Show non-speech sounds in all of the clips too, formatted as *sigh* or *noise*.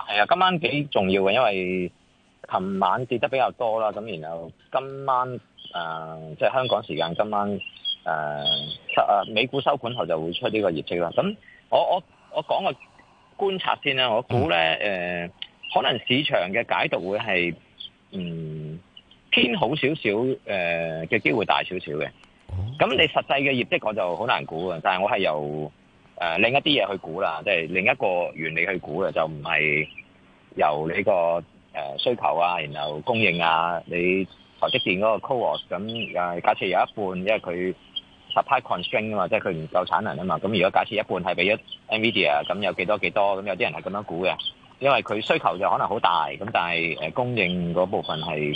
係啊！今晚幾重要嘅，因為琴晚跌得比較多啦，咁然後今晚誒，即、呃、係、即係、香港時間今晚誒收、呃、美股收盤後就會出呢個業績啦。咁我我我講個觀察先啦，我估咧誒，可能市場嘅解讀會係嗯偏好少少誒嘅機會大少少嘅。咁你實際嘅業績我就好難估啊，但係我係由。誒另一啲嘢去估啦，即係另一個原理去估嘅，就唔係由你個誒需求啊，然後供應啊，你台積電嗰個 CoWoS 咁誒，假設有一半，因為佢 supply constraint 啊嘛，即係佢唔夠產能啊嘛，咁如果假設一半係俾咗 Nvidia，咁有幾多幾多，咁有啲人係咁樣估嘅，因為佢需求就可能好大，咁但係誒供應嗰部分係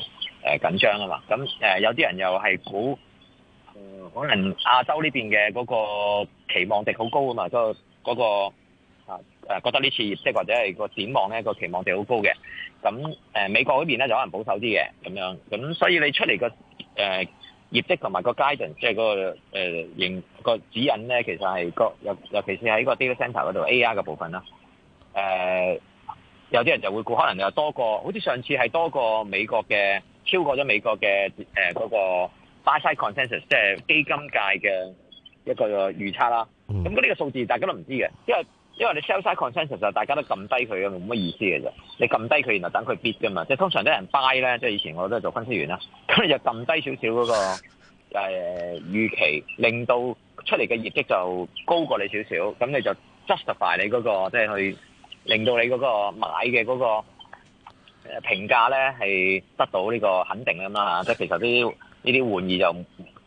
誒緊張啊嘛，咁誒有啲人又係估。嗯，可能亞洲呢邊嘅嗰個期望值好高啊嘛，嗰個嗰個啊誒，覺得呢次業績或者係個展望，咧個期望值好高嘅。咁誒，美國嗰邊咧就可能保守啲嘅咁樣。咁所以你出嚟個誒業績同埋個 guidance，即係個誒形個指引咧，其實係個尤尤其是喺個 data center 嗰度 AR 嘅部分啦。誒，有啲人就會估可能有多過，好似上次係多過美國嘅，超過咗美國嘅誒嗰個。Buy side consensus 即係基金界嘅一個預測啦。咁呢啲個數字大家都唔知嘅，因為因為你 sell side consensus 就大家都撳低佢嘅，冇乜意思嘅啫。你撳低佢，原來等佢跌 beat 噶嘛。即係通常啲人 buy 咧，即、就、係、是、以前我都係做分析員啦。咁 *laughs* 你就撳低少少嗰個誒預、就是、期，令到出嚟嘅業績就高過你少少，咁你就 justify 你嗰、那個即係、就是、去令到你嗰個買嘅嗰個評價咧係得到呢個肯定咁啦即係其實啲。呢啲玩意，就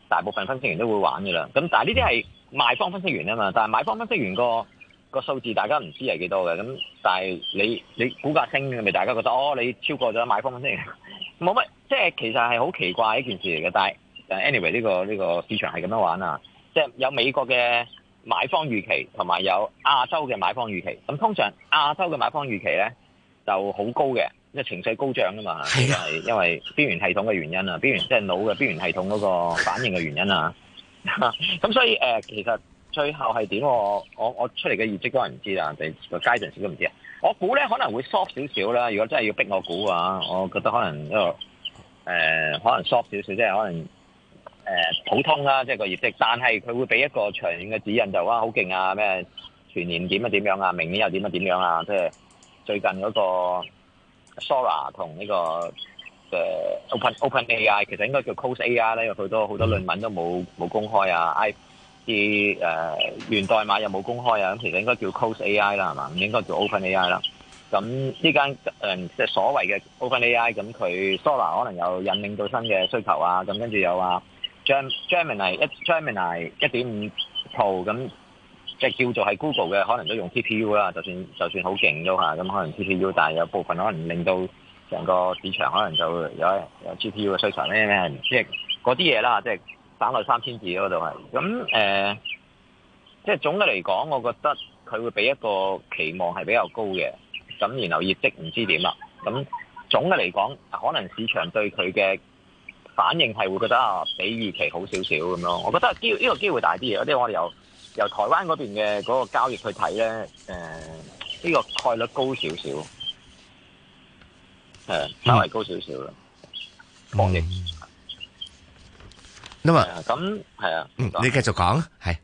大部分分析員都會玩噶啦，咁但係呢啲係賣方分析員啊嘛，但係買方分析員個個數字大家唔知係幾多嘅，咁但係你你股價升咪大家覺得哦，你超過咗買方分析員，冇乜，即係其實係好奇怪一件事嚟嘅，但係 anyway 呢個呢個市場係咁樣玩啊，即係有美國嘅買方預期同埋有亞洲嘅買方預期，咁通常亞洲嘅買方預期咧就好高嘅。即係情緒高漲啊嘛，就是、因為因為邊緣系統嘅原因啊，邊緣即係腦嘅邊緣系統嗰個反應嘅原因啊。咁 *laughs* 所以誒、呃，其實最後係點我我我出嚟嘅業績都係唔知啊，嗰個階段時都唔知啊。我估咧可能會 soft 少少啦。如果真係要逼我估啊，我覺得可能呢個誒可能 soft 少少，即係可能誒、呃、普通啦，即、就、係、是、個業績。但係佢會俾一個長遠嘅指引就，就話好勁啊！咩全年點啊點樣啊？明年又點啊點樣啊？即、就、係、是、最近嗰、那個。Sora 同呢、這個誒、uh, Open Open AI 其實應該叫 Close AI 咧，因為好多好多論文都冇冇公開啊，啲誒源代碼又冇公開啊，咁其實應該叫 Close AI 啦，係嘛？唔應該叫 Open AI 啦。咁呢間誒即係所謂嘅 Open AI，咁佢 Sora 可能有引領到新嘅需求啊。咁跟住又話，Gemini 一 Gemini 一點五圖咁。即係叫做係 Google 嘅，可能都用 TPU 啦。就算就算好勁都嚇，咁可能 TPU，但有部分可能令到成個市場可能就有有 TPU 嘅需求。咩咩，即係嗰啲嘢啦，即係等耐三千字嗰度係。咁、呃、誒，即係總嘅嚟講，我覺得佢會畀一個期望係比較高嘅。咁然後業績唔知點啦。咁總嘅嚟講，可能市場對佢嘅反應係會覺得啊，比預期好少少咁咯。我覺得呢個機會大啲嘅，有啲我哋有。由台灣嗰邊嘅嗰個交易去睇咧，誒、呃、呢、這個概率高少少，係稍為高少少咯，博、嗯、弈。咁係啊，你繼續講，係。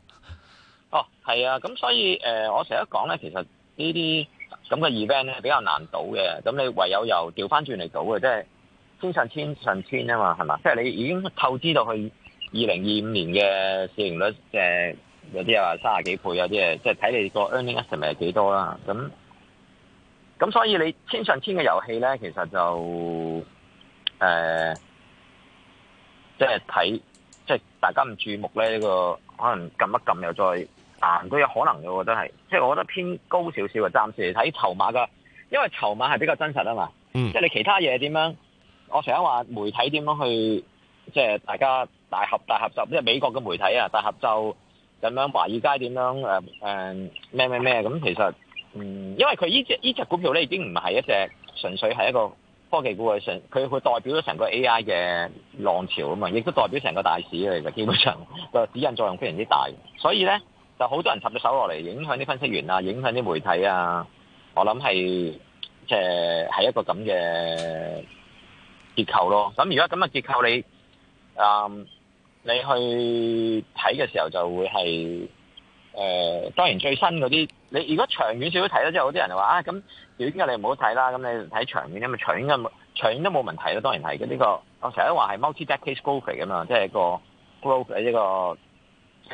哦，係啊，咁所以誒、呃，我成日講咧，其實呢啲咁嘅 event 咧比較難賭嘅，咁你唯有由掉返轉嚟賭嘅，即、就、係、是、千上千上千啊嘛，係嘛？即、就、係、是、你已經透支到去二零二五年嘅市盈率誒。呃有啲啊，卅幾倍有啲誒，即係睇你個 earning estimate 係幾多啦。咁咁，所以你千上千嘅遊戲咧，其實就誒，即係睇，即係大家唔注目咧，呢個可能撳一撳又再行都有可能嘅。我覺得係，即係我覺得偏高少少啊。暫時嚟睇籌碼嘅，因為籌碼係比較真實啊嘛。嗯。即係你其他嘢點樣，我成日話媒體點樣去，即係大家大合大合集，即係美國嘅媒體啊，大合集。就是美國的媒體大合咁樣華爾街點樣誒誒咩咩咩咁？其實嗯，因為佢呢隻呢隻股票咧已經唔係一隻純粹係一個科技股嘅上，佢佢代表咗成個 AI 嘅浪潮啊嘛，亦都代表成個大市嚟嘅，基本上個指引作用非常之大。所以咧，就好多人插咗手落嚟，影響啲分析員啊，影響啲媒體啊。我諗係即係係一個咁嘅結構咯。咁如果咁嘅結構你啊？嗯你去睇嘅時候就會係誒、呃，當然最新嗰啲你如果長遠少少睇咗之後嗰啲人話啊，咁短嘅你唔好睇啦，咁你睇長遠咁啊，長遠嘅長遠都冇問題啦。當然係嘅，呢、這個我成日都話係 multi decades growth 嘛，即、就、係、是、個 growth 呢一個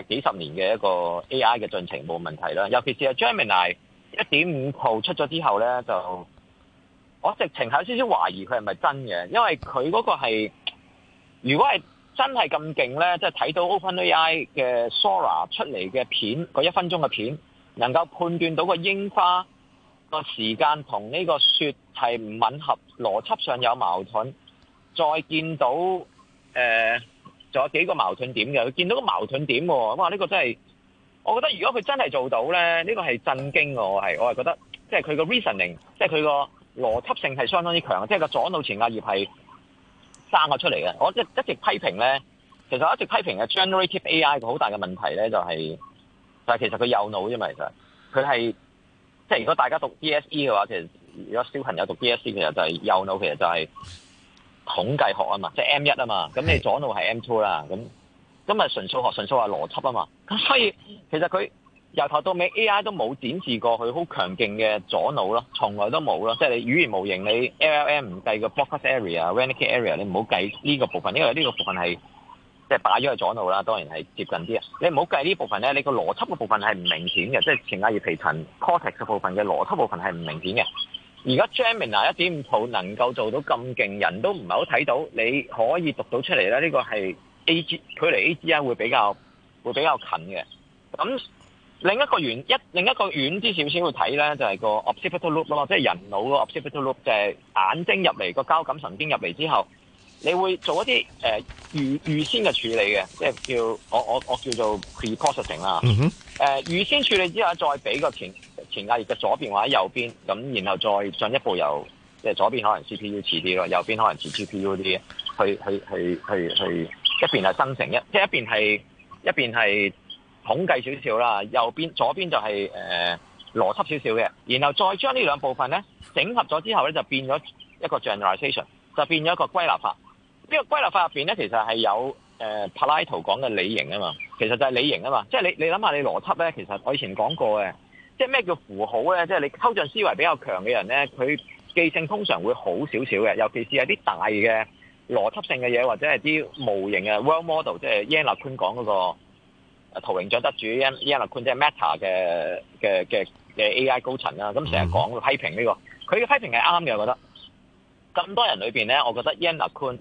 幾十年嘅一個 AI 嘅進程冇問題啦。尤其是係 Gemini 一點五 Pro 出咗之後咧，就我直情有少少懷疑佢係咪真嘅，因為佢嗰個係如果係。真係咁勁呢？即係睇到 OpenAI 嘅 Sora 出嚟嘅片，嗰一分鐘嘅片，能夠判斷到個櫻花個時間同呢個雪係唔吻合，邏輯上有矛盾。再見到誒，仲、呃、有幾個矛盾點嘅，佢見到個矛盾點喎，哇！呢、這個真係，我覺得如果佢真係做到呢，呢、這個係震驚我，係我係覺得即係佢個 reasoning，即係佢個邏輯性係相當之強，即係個左腦前額葉係。生我出嚟嘅，我一一直批評咧，其實我一直批評嘅 generative AI 個好大嘅問題咧，就是，就係，就係其實佢右腦啫嘛，其實，佢係，即係如果大家讀 DSE 嘅話，其實如果小朋友讀 DSE，就是，其實就係右腦其實就係統計學啊嘛，即係 M 一啊嘛，咁你左腦係 M two 啦，咁咁咪純數學純數學邏輯啊嘛，所以其實佢。由頭到尾，AI 都冇展示過佢好強勁嘅左腦咯，從來都冇咯。即係你語言模型，你 LLM 唔計個 focus area，working area，你唔好計呢個部分，因為呢個部分係即係擺咗喺左腦啦。當然係接近啲啊，你唔好計呢部分咧。你個邏輯嘅部分係唔明顯嘅，即係前額葉皮層 cortex 嘅部分嘅邏輯部分係唔明顯嘅。而家 Gemini 一點五 Pro 能夠做到咁勁，人都唔係好睇到，你可以讀到出嚟啦。呢、呢個係 AG 距離 AGI 會比較會比較近嘅。咁另一,一另一個遠一另一個遠啲少少會睇咧，就係、是、個 occipital loop 咯，即係人腦個 occipital loop，就係眼睛入嚟個交感神經入嚟之後，你會做一啲誒、呃、預，預先嘅處理嘅，即係叫我我我叫做 preprocessing 啦、呃。誒預先處理之後，再俾個前前額葉嘅左邊或者右邊，咁然後再進一步由即係、就是、左邊可能 CPU 遲啲咯，右邊可能遲 GPU 啲去去去去去，去一邊係生成一，即係一邊係即係一邊係。統計少少啦，右邊左邊就係誒邏輯少少嘅，然後再將呢兩部分咧整合咗之後咧，就變咗一個 generalization，就變咗一個歸納法。這個、歸法，呢個歸納法入面咧，其實係有誒、呃、柏拉圖講嘅理型啊嘛，其實就係理型啊嘛。即係你你諗下，你邏輯咧，其實我以前講過嘅，即係咩叫符號咧，即係你抽象思維比較強嘅人咧，佢記性通常會好少少嘅，尤其是係啲大嘅邏輯性嘅嘢，或者係啲模型嘅 world model，即係 Yann LeCun 講嗰個。圖靈獎得主 Yann LeCun 即係 Meta 嘅嘅嘅嘅 AI 高層啦，咁成日講批評呢、這個，佢嘅批評係啱嘅，我覺得。咁多人裏面咧，我覺得 Yann LeCun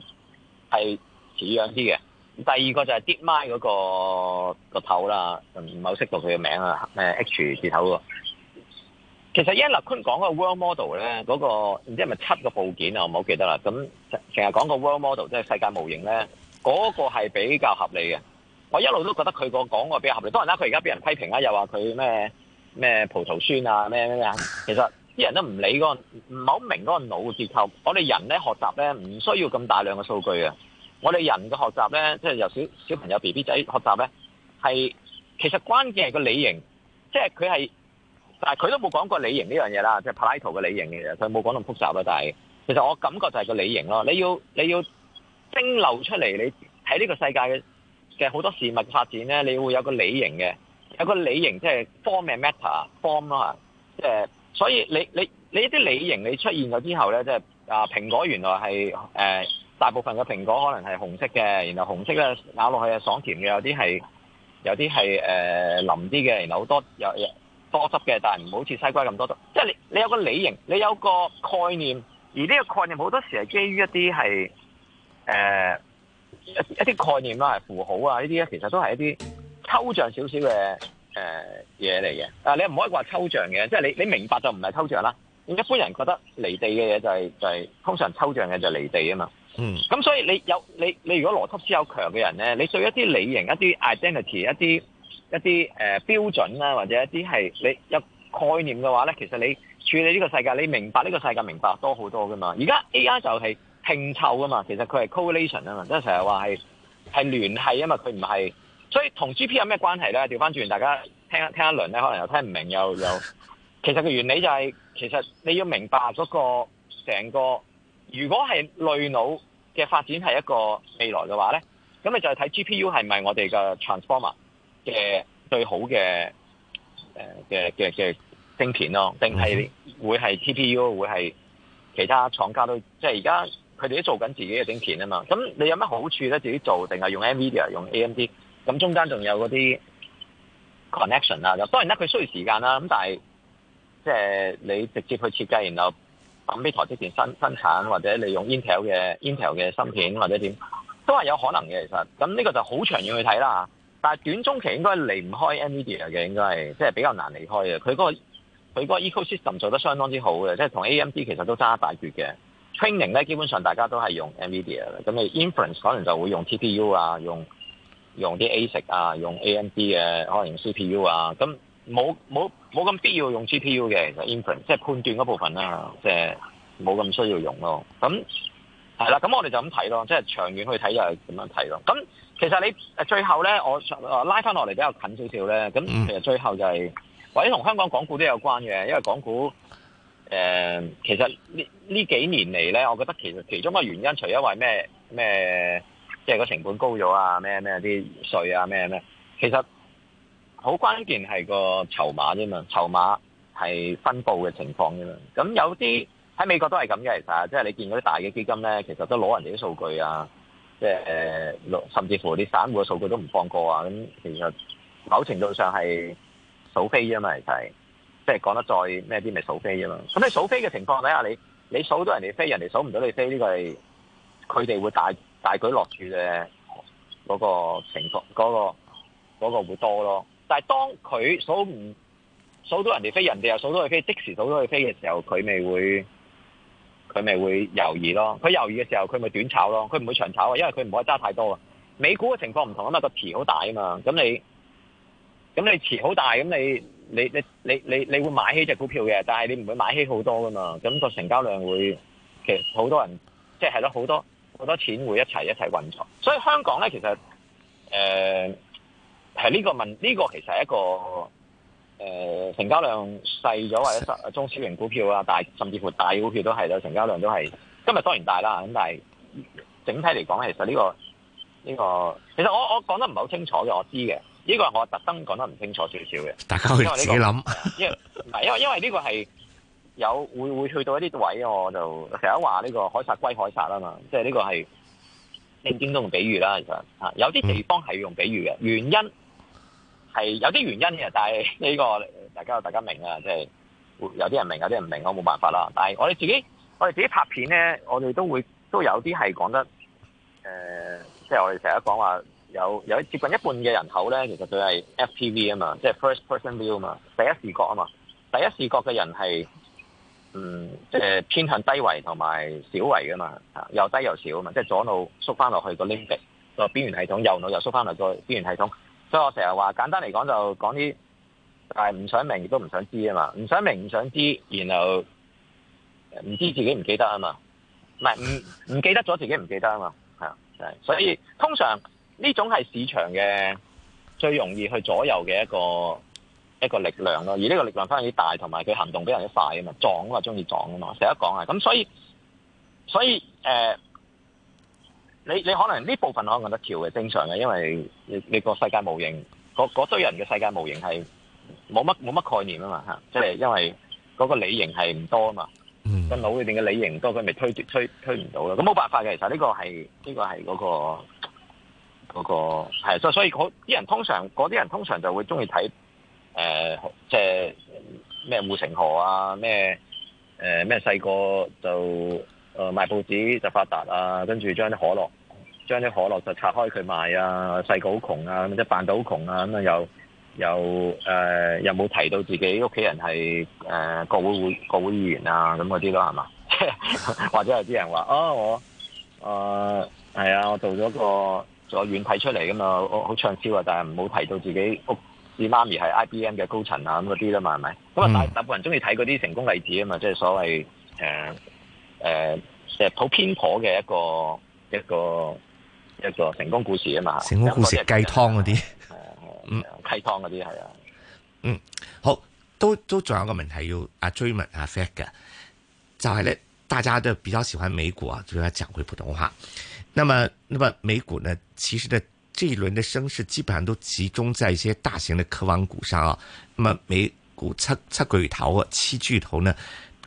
係似樣啲嘅。第二個就係 DeepMind 嗰、那個、那個頭啦，唔唔係好識到佢嘅名啊，H 字頭喎。其實 Yann LeCun 講個 World Model 咧，嗰、那個唔知係咪七個部件啊，我唔好記得啦。咁成日講個 World Model，即係世界模型咧，嗰、那個係比較合理嘅。我一路都覺得佢個講話比較合理，當然啦，佢而家俾人批評啦，又話佢咩咩葡萄酸啊，咩咩啊。其實啲人都唔理嗰個，唔好明嗰個腦結構。我哋人咧學習咧，唔需要咁大量嘅數據啊。我哋人嘅學習咧，即係由小小朋友 B B 仔學習咧，係其實關鍵係個理型，即係佢係，但係佢都冇講過理型呢樣嘢啦，即係柏拉圖嘅理型嘅啫，佢冇講咁複雜啦。但係其實我感覺就係個理型咯，你要你要蒸餾出嚟，你喺呢個世界。嘅好多事物發展咧，你會有個理型嘅，有個理型即係 form matter form 咯、就、即、是、所以你你你一啲理型你出現咗之後咧，即係啊蘋果原來係誒、呃、大部分嘅蘋果可能係紅色嘅，然後紅色咧咬落去係爽甜嘅，有啲係有啲係誒腍啲嘅，然後好多有多汁嘅，但係唔好似西瓜咁多汁，即、就、係、是、你你有個理型，你有個概念，而呢個概念好多時係基於一啲係誒。呃一啲概念啦，係符號啊，呢啲咧，其實都係一啲抽象少少嘅誒嘢嚟嘅。啊，你唔可以話抽象嘅，即係你你明白就唔係抽象啦。一般人覺得離地嘅嘢就係就係通常抽象嘅就離地啊嘛。嗯。咁所以你有你你如果邏輯思考強嘅人咧，你對一啲理型、一啲 identity 一啲一啲誒標準啊或者一啲係你有概念嘅話咧，其實你處理呢個世界，你明白呢個世界明白多好多噶嘛。而家 A I 就係。拼湊啊嘛，其實佢係 coalition 啊嘛，即係成日話係係聯繫啊嘛，佢唔係，所以同 G P 有咩關係咧？調翻轉，大家聽一聽一輪咧，可能又聽唔明又又，其實個原理就係、是、其實你要明白嗰個成個，如果係類腦嘅發展係一個未來嘅話咧，咁你就係睇 G P U 係咪我哋嘅 transformer 嘅最好嘅誒嘅嘅嘅晶片咯，定係會係 T P U 會係其他廠家都即係而家。佢哋都做緊自己嘅晶片啊嘛，咁你有咩好處咧？自己做定係用 NVIDIA、用 AMD？咁中間仲有嗰啲 connection 啊，當然啦，佢需要時間啦、啊。咁但係即係你直接去設計，然後揼俾台積電生生產，或者你用 Intel 嘅 Intel 嘅芯片或者點，都係有可能嘅。其實咁呢個就好長遠去睇啦。但係短中期應該離唔開 NVIDIA 嘅，應該係即係比較難離開嘅。佢嗰個佢嗰個 ecosystem 做得相當之好嘅，即係同 AMD 其實都爭一大橛嘅。training 咧基本上大家都係用 NVIDIA 咁你 inference 可能就會用 TPU 啊，用用啲 A 食啊，用 AMD 嘅、啊、可能用 CPU 啊，咁冇冇冇咁必要用 GPU 嘅，其、就是、inference 即係判斷嗰部分啦，即係冇咁需要用咯。咁係啦，咁我哋就咁睇咯，即、就、係、是、長遠去睇就係咁樣睇咯。咁其實你最後咧，我拉翻落嚟比較近少少咧，咁其實最後就係、是、或者同香港港股都有關嘅，因為港股。誒、嗯，其實呢呢幾年嚟咧，我覺得其實其中個原因，除因為咩咩，即係、就是、個成本高咗啊，咩咩啲稅啊，咩咩，其實好關鍵係個籌碼啫嘛，籌碼係分布嘅情況啫嘛。咁有啲喺美國都係咁嘅，其實即係你見嗰啲大嘅基金咧，其實都攞人哋啲數據啊，即係甚至乎啲散戶嘅數據都唔放過啊。咁其實某程度上係數飛啫嘛，其實。即係講得再咩啲，咪數飛啊嘛！咁你數飛嘅情況底下，你你數到人哋飛，人哋數唔到你飛，呢個係佢哋會大大舉落注嘅嗰個情況，嗰個嗰個會多咯。但係當佢數唔數到人哋飛，人哋又數到佢飛，即時數到佢飛嘅時候，佢咪會佢咪會猶豫咯。佢猶豫嘅時候，佢咪短炒咯。佢唔會長炒啊，因為佢唔可以揸太多啊。美股嘅情況唔同啊嘛，個池好大啊嘛。咁你咁你池好大，咁你。你你你你你會買起隻股票嘅，但係你唔會買起好多㗎嘛。咁個成交量會其實好多人，即係咯，好多好多錢會一齊一齊運作。所以香港咧，其實誒係呢個問呢個其實係一個誒、呃、成交量細咗或者中小型股票啊，大甚至乎大股票都係有成交量都係今日當然大啦。咁但係整體嚟講，其實呢個呢個其實我我講得唔係好清楚嘅，我知嘅。呢、這個我特登講得唔清楚少少嘅，大家去自己諗。因為唔、這、係、個 *laughs* 這個，因為因為呢個係有會會去到一啲位置，我就成日話呢個海殺歸海殺啊嘛，即係呢個係正經都用比喻啦，其實吓有啲地方係用比喻嘅、嗯，原因係有啲原因嘅，但係呢、這個大家大家明啊，即、就、係、是、有啲人明有啲人唔明，我冇辦法啦。但係我哋自己我哋自己拍片咧，我哋都會都有啲係講得誒、呃，即係我哋成日講話。有有接近一半嘅人口咧，其實佢係 F P V 啊嘛，即係 first person view 嘛，第一視覺啊嘛。第一視覺嘅人係嗯，即係偏向低維同埋小維啊嘛，又低又少啊嘛。即係左腦縮翻落去個 limbic 個邊緣系統，右腦又縮翻落個邊緣系統。所以我成日話簡單嚟講，就講啲但係唔想明亦都唔想知啊嘛，唔想明唔想知，然後唔知自己唔記得啊嘛，唔係唔唔記得咗自己唔記得啊嘛，係啊係，所以通常。呢種係市場嘅最容易去左右嘅一個一個力量咯，而呢個力量非常之大，同埋佢行動比人一快啊嘛，撞啊嘛，鍾意撞啊嘛，成日講啊，咁所以所以誒、呃，你你可能呢部分可能覺得調嘅正常嘅，因為你你個世界模型，嗰堆人嘅世界模型係冇乜冇乜概念啊嘛嚇，即係因為嗰個理型係唔多啊嘛，個、嗯、腦裏邊嘅理型多，佢咪推推推唔到咯，咁冇辦法嘅，其實呢個係呢個係嗰個。嗰個係，所所以嗰啲人通常嗰啲人通常就會中意睇誒，即係咩護城河啊，咩誒咩細個就誒賣、呃、報紙就發達啊，跟住將啲可樂將啲可樂就拆開佢賣啊，細個好窮啊，咁即係扮到好窮啊，咁啊又，又、呃、又又誒冇提到自己屋企人係誒、呃、國會會國會議員啊咁嗰啲咯，係嘛？ *laughs* 或者有啲人話哦，我誒係、呃、啊，我做咗個。做遠睇出嚟咁嘛，我好暢銷啊，但係唔好提到自己屋企媽咪係 IBM 嘅高層啊咁嗰啲啦嘛，係、嗯、咪？咁啊大大部分人中意睇嗰啲成功例子啊嘛，即係所謂誒誒，即係好偏頗嘅一個一個一個,一個成功故事啊嘛，成功故事雞湯嗰啲，嗯，雞湯嗰啲係啊，嗯，好，都都仲有個問題要阿 j a m 阿 Fat 嘅，就係、是、你。大家都比較喜歡美股啊，就要講回普通話。那麼，那麼美股呢，其實的這一輪的升勢基本上都集中在一些大型的科網股上啊。那麼美股七七巨頭啊，七巨頭呢，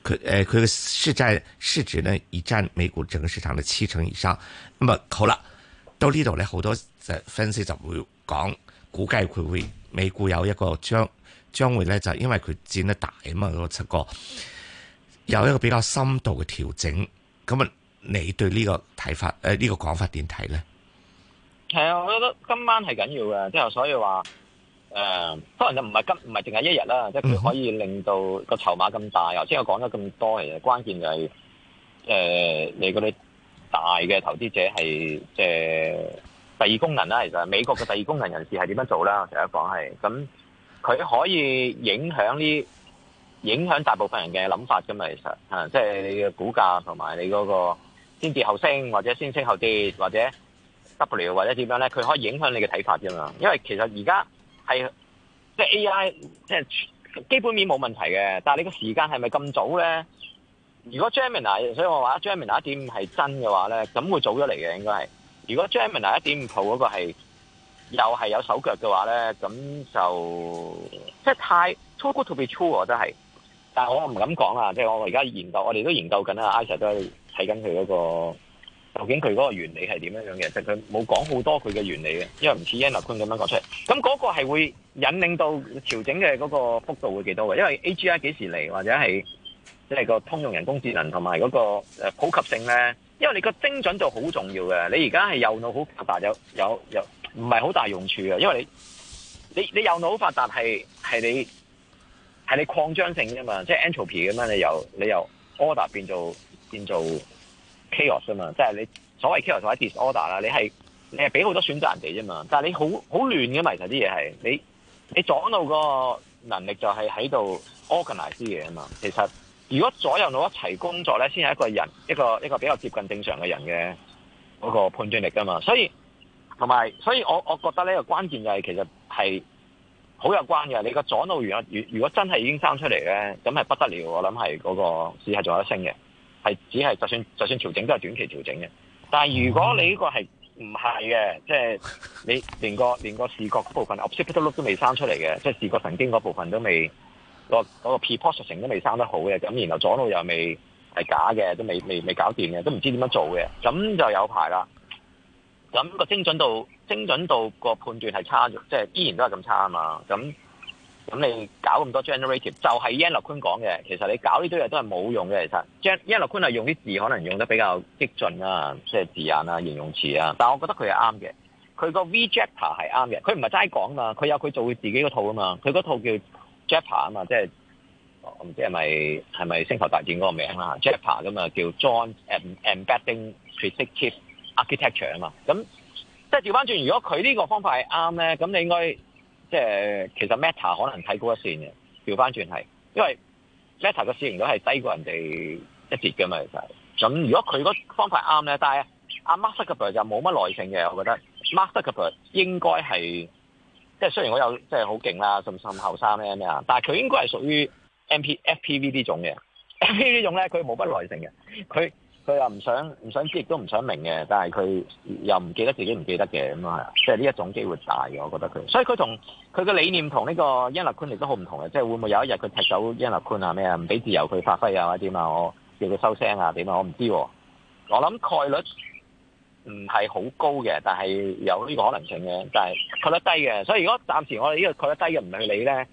佢誒佢個市佔市值呢，已佔美股整個市場的七成以上。咁啊好啦，到呢度咧，好多就分析就會講，估計佢會美股有一個將將會咧，就因為佢佔得大啊嘛，嗰七個。有一個比較深度嘅調整，咁啊，你對呢個睇法誒，呢個講法點睇咧？係啊，我覺得今晚係緊要嘅，即係所以話誒，當然就唔係今唔係淨係一日啦，即係佢可以令到個籌碼咁大，又即係我講咗咁多嘅，其實關鍵就係誒，你嗰啲大嘅投資者係即係第二功能啦，其實美國嘅第二功能人士係點樣做啦？第一講係咁，佢可以影響呢。影響大部分人嘅諗法㗎嘛，其實嚇，即係你嘅股價同埋你嗰個先跌後升，或者先升後跌，或者 W 或者點樣咧，佢可以影響你嘅睇法㗎嘛。因為其實而家係即係 AI，即係基本面冇問題嘅，但係你個時間係咪咁早咧？如果 Gemini，所以我話 Gemini 一點五係真嘅話咧，咁會早咗嚟嘅應該係。如果 Gemini 一點五套嗰個係又係有手腳嘅話咧，咁就即係太 too good to be true，我覺得係。但係我唔敢講啊！即係我而家研究，我哋都研究緊啊！Isa 都睇緊佢嗰個究竟佢嗰個原理係點樣樣嘅？即係佢冇講好多佢嘅原理嘅，因為唔似 Enelcon 咁樣講出嚟。咁嗰個係會引領到調整嘅嗰個幅度會幾多嘅？因為 AGI 幾時嚟或者係即係個通用人工智能同埋嗰個普及性咧？因為你個精準度好重要嘅。你而家係右腦好發達，有有有唔係好大用處嘅，因為你你你右腦好發達係係你。係你擴張性啫嘛，即係 entropy 咁樣。你由你由 order 變做變做 chaos 啊嘛，即係你所謂 chaos 或者 disorder 啦，你係你係俾好多選擇人哋啫嘛，但係你好好亂嘅嘛，其實啲嘢係你你左腦個能力就係喺度 organize 啲嘢啊嘛，其實如果左右腦一齊工作咧，先係一個人一個一個比較接近正常嘅人嘅嗰個判斷力噶嘛，所以同埋所以我我覺得呢個關鍵就係、是、其實係。好有關嘅，你個左腦如果如如果真係已經生出嚟咧，咁係不得了，我諗係嗰個市係仲有得升嘅，係只係就算就算調整都係短期調整嘅。但係如果你呢個係唔係嘅，即係你連個連個視覺嗰部分 optical look 都未生出嚟嘅，即係視覺神經嗰部分都未嗰嗰、嗰個 pre-processing 都未生得好嘅，咁然後左腦又未係假嘅，都未未未搞掂嘅，都唔知點樣做嘅，咁就有排啦。咁、那個精準度、精準度個判斷係差咗，即係依然都係咁差啊嘛！咁咁你搞咁多 generative，就係 Yann LeCun 講嘅，其實你搞呢堆嘢都係冇用嘅。其實，Yann LeCun 係用啲字可能用得比較激進啦，即係字眼啊、形容詞啊。但我覺得佢係啱嘅，佢個 V-JEPA 係啱嘅。佢唔係齋講嘛，佢有佢做佢自己嗰套㗎嘛。佢嗰套叫 JEPA 啊嘛，即係哦唔知係咪係咪星球大戰嗰個名啦 JEPA 噶嘛，叫 Joint Embedding Predictive。Architecture 啊嘛，咁即係調翻轉，如果佢呢個方法係啱咧，咁你應該即係其實 Meta 可能睇高一線嘅，調翻轉係，因為 Meta 個市盈率係低過人哋一截嘅嘛其實，咁、就是、如果佢嗰方法啱咧，但係阿 Mark Zuckerberg 就冇乜耐性嘅，我覺得 Mark Zuckerberg 應該係即係雖然我有即係好勁啦，甚甚後生咧咩啊，但係佢應該係屬於 M P F P V 呢種嘅， *laughs* 種呢種咧佢冇乜耐性嘅，佢。佢又唔想唔想知，亦都唔想明嘅，但係佢又唔記得自己唔記得嘅咁啊，即係呢一種機會大嘅，我覺得佢。所以佢同佢嘅理念同呢個 Enrique 都好唔同嘅，即係會唔會有一日佢踢走 Enrique 啊咩啊，唔俾自由佢發揮啊或者點啊，我叫佢收聲啊點啊，我唔知。我諗概率唔係好高嘅，但係有呢個可能性嘅，但係概率低嘅。所以如果暫時我哋呢個概率低嘅唔理你咧，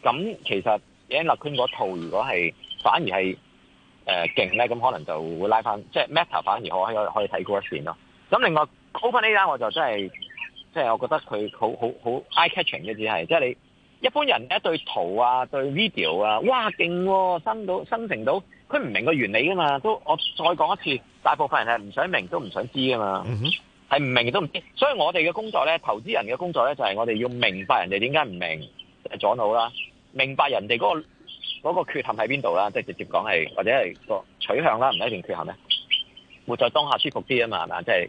咁其實 Enrique 嗰套如果係反而係。誒勁呢，咁可能就會拉翻，即係 Meta 反而可以可以睇高一線咯。咁另外 OpenAI *noise* 我就真係，即係我覺得佢好好好 eye-catching 嘅，eye -catching 只係即係你一般人咧對圖啊、對 video 啊，哇勁喎，生到生成到，佢唔明個原理㗎嘛。都我再講一次，大部分人係唔想明都唔想知㗎嘛，係、mm、唔 -hmm. 明都唔知。所以我哋嘅工作呢，投資人嘅工作呢，就係、是、我哋要明白人哋點解唔明，就是、阻腦啦，明白人哋嗰、那個。嗰、那個缺陷喺邊度啦？即係直接講係或者係個取向啦，唔係一定缺陷呢。活在當下舒服啲啊嘛，係咪啊？即係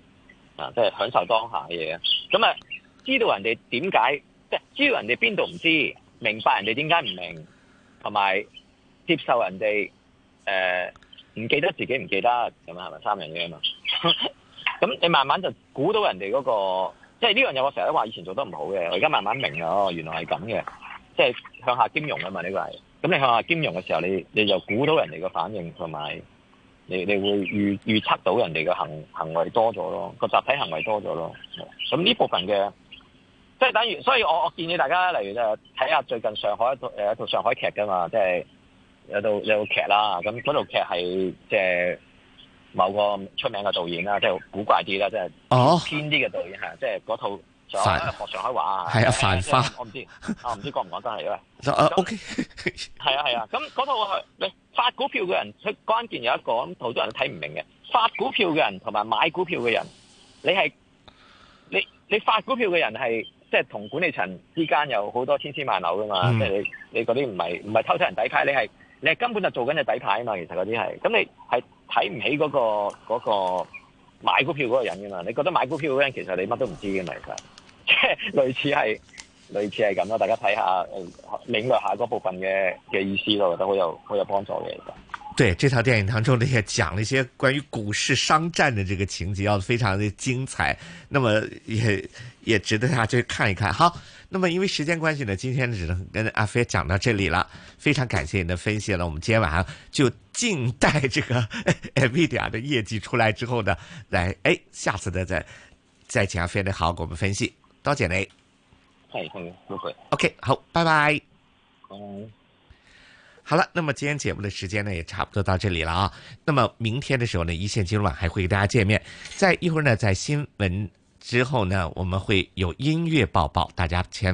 啊，即係享受當下嘅嘢。咁啊，知道人哋點解即係知道人哋邊度唔知，明白人哋點解唔明，同埋接受人哋誒唔記得自己唔記得咁係咪三樣嘢嘅嘛？咁 *laughs* 你慢慢就估到人哋嗰、那個即係呢樣嘢我成日都話以前做得唔好嘅，我而家慢慢明啦。哦，原來係咁嘅，即係向下兼容啊嘛。呢、這個係。咁你話金融嘅時候，你你就估到人哋嘅反應，同埋你你會預預測到人哋嘅行行為多咗咯，個集體行為多咗咯。咁呢部分嘅，即係等於，所以我我建議大家，例如睇下最近上海一套上海劇噶嘛、就是，即係有套有套劇啦。咁嗰套劇係即係某個出名嘅導演啦，即係古怪啲啦、oh?，即係偏啲嘅導演嚇，即係嗰套。學上海話係阿繁花，我唔知、啊，我唔知講唔講真係啊？啊，O K，係啊係啊，咁嗰、啊 okay *laughs* 啊啊、套你發股票嘅人，佢關鍵有一個咁，好多人都睇唔明嘅。發股票嘅人同埋買股票嘅人，你係你你發股票嘅人係即係同管理層之間有好多千絲萬縷㗎嘛，即、嗯、係你你嗰啲唔係唔係偷走人底牌，你係你係根本就做緊嘅底牌啊嘛，其實嗰啲係，咁你係睇唔起嗰、嗰個嗰、嗰個嗰個、買股票嗰個人㗎嘛？你覺得買股票嗰人其實你乜都唔知㗎嘛？其實。即 *laughs* 係類似係類似係咁咯，大家睇下領略下嗰部分嘅嘅意思咯，我覺得好有好有幫助嘅。對，這套電影當中呢，也講了一些關於股市商戰嘅這個情節，要非常的精彩。那麼也也值得大家去看一看。好，那麼因為時間關係呢，今天只能跟阿飛講到這裏啦。非常感謝你的分析啦。我們今天晚上就靜待這個 Nvidia 的業績出來之後呢，來，哎，下次再再再請阿飛你好好，我們分析。多謝你，歡迎，不客氣。OK，好，拜拜。嗯、好了，那麼今天節目的時間呢，也差不多到這裏了啊。那麼明天的時候呢，一線金融網還會與大家見面。在一會兒呢，在新聞之後呢，我們會有音樂報報，大家前。